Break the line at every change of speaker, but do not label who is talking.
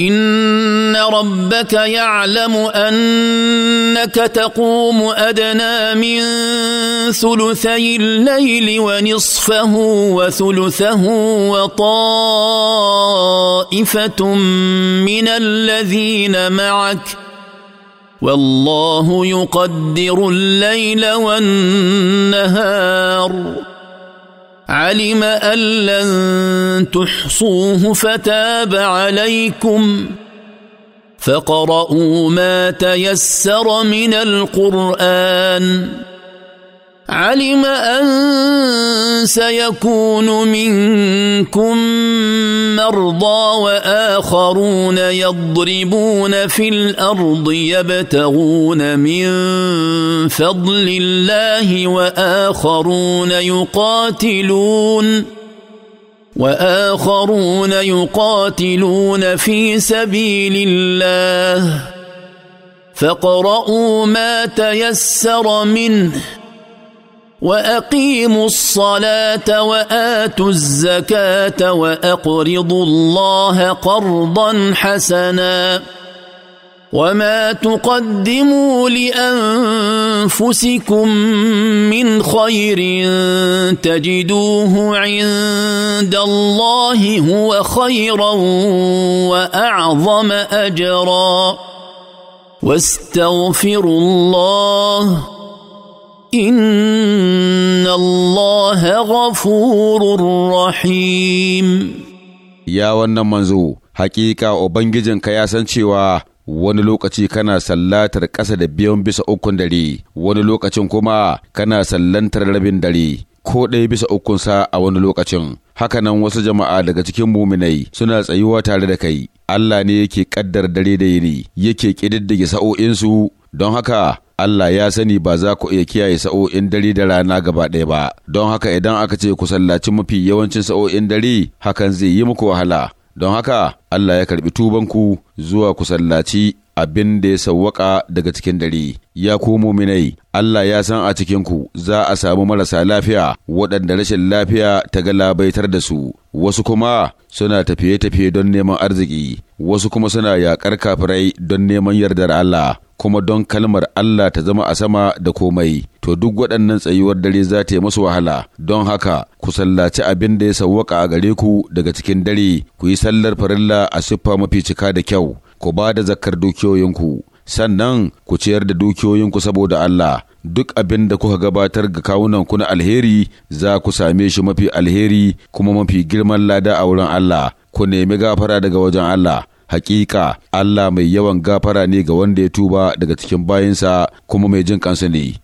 ان ربك يعلم انك تقوم ادنى من ثلثي الليل ونصفه وثلثه وطائفه من الذين معك والله يقدر الليل والنهار علم أن لن تحصوه فتاب عليكم فقرؤوا ما تيسر من القرآن علم أن سيكون منكم مرضى وآخرون يضربون في الأرض يبتغون من فضل الله وآخرون يقاتلون وآخرون يقاتلون في سبيل الله فاقرؤوا ما تيسر منه واقيموا الصلاه واتوا الزكاه واقرضوا الله قرضا حسنا وما تقدموا لانفسكم من خير تجدوه عند الله هو خيرا واعظم اجرا واستغفروا الله ان الله غفور rahim
ya wannan manzo
hakika
ubangijinka ya san cewa wani lokaci kana sallatar ƙasa da biyan bisa ukun dare wani lokacin kuma kana sallantar rabin dare ko ɗaya bisa ukunsa a wani lokacin hakanan wasu jama'a daga cikin muminai suna tsayuwa tare da kai Allah ne yake ƙaddar dare da yini yake ƙididdige sa'o'insu don haka Allah ya sani ba za ku iya kiyaye sa'o'in dare da rana gaba ɗaya ba, don haka idan aka ce ku sallaci mafi yawancin sa'o'in dare hakan zai yi muku wahala. Don haka Allah ya karɓi tubanku zuwa ku sallaci abin da ya sawwaka daga cikin dare. Ya ku muminai, Allah ya san a cikinku za a samu marasa lafiya waɗanda rashin lafiya ta ga labaitar da su, wasu kuma suna tafiye-tafiye don neman arziki, wasu kuma suna yaƙar kafirai don neman yardar Allah. kuma don kalmar Allah ta zama a sama da komai to duk waɗannan tsayuwar dare za ta yi masu wahala don haka ku sallaci abin da ya sawwaka a gare ku daga cikin dare ku yi sallar farilla a siffa mafi cika da kyau ku ba da zakar dukiyoyinku sannan ku ciyar da dukiyoyinku saboda Allah duk abin da kuka gabatar ga kawunanku na alheri za ku same shi mafi alheri kuma mafi girman lada a wurin Allah ku nemi gafara daga wajen Allah hakika Allah mai yawan gafara ne ga wanda ya tuba daga cikin bayinsa kuma mai jin kansa ne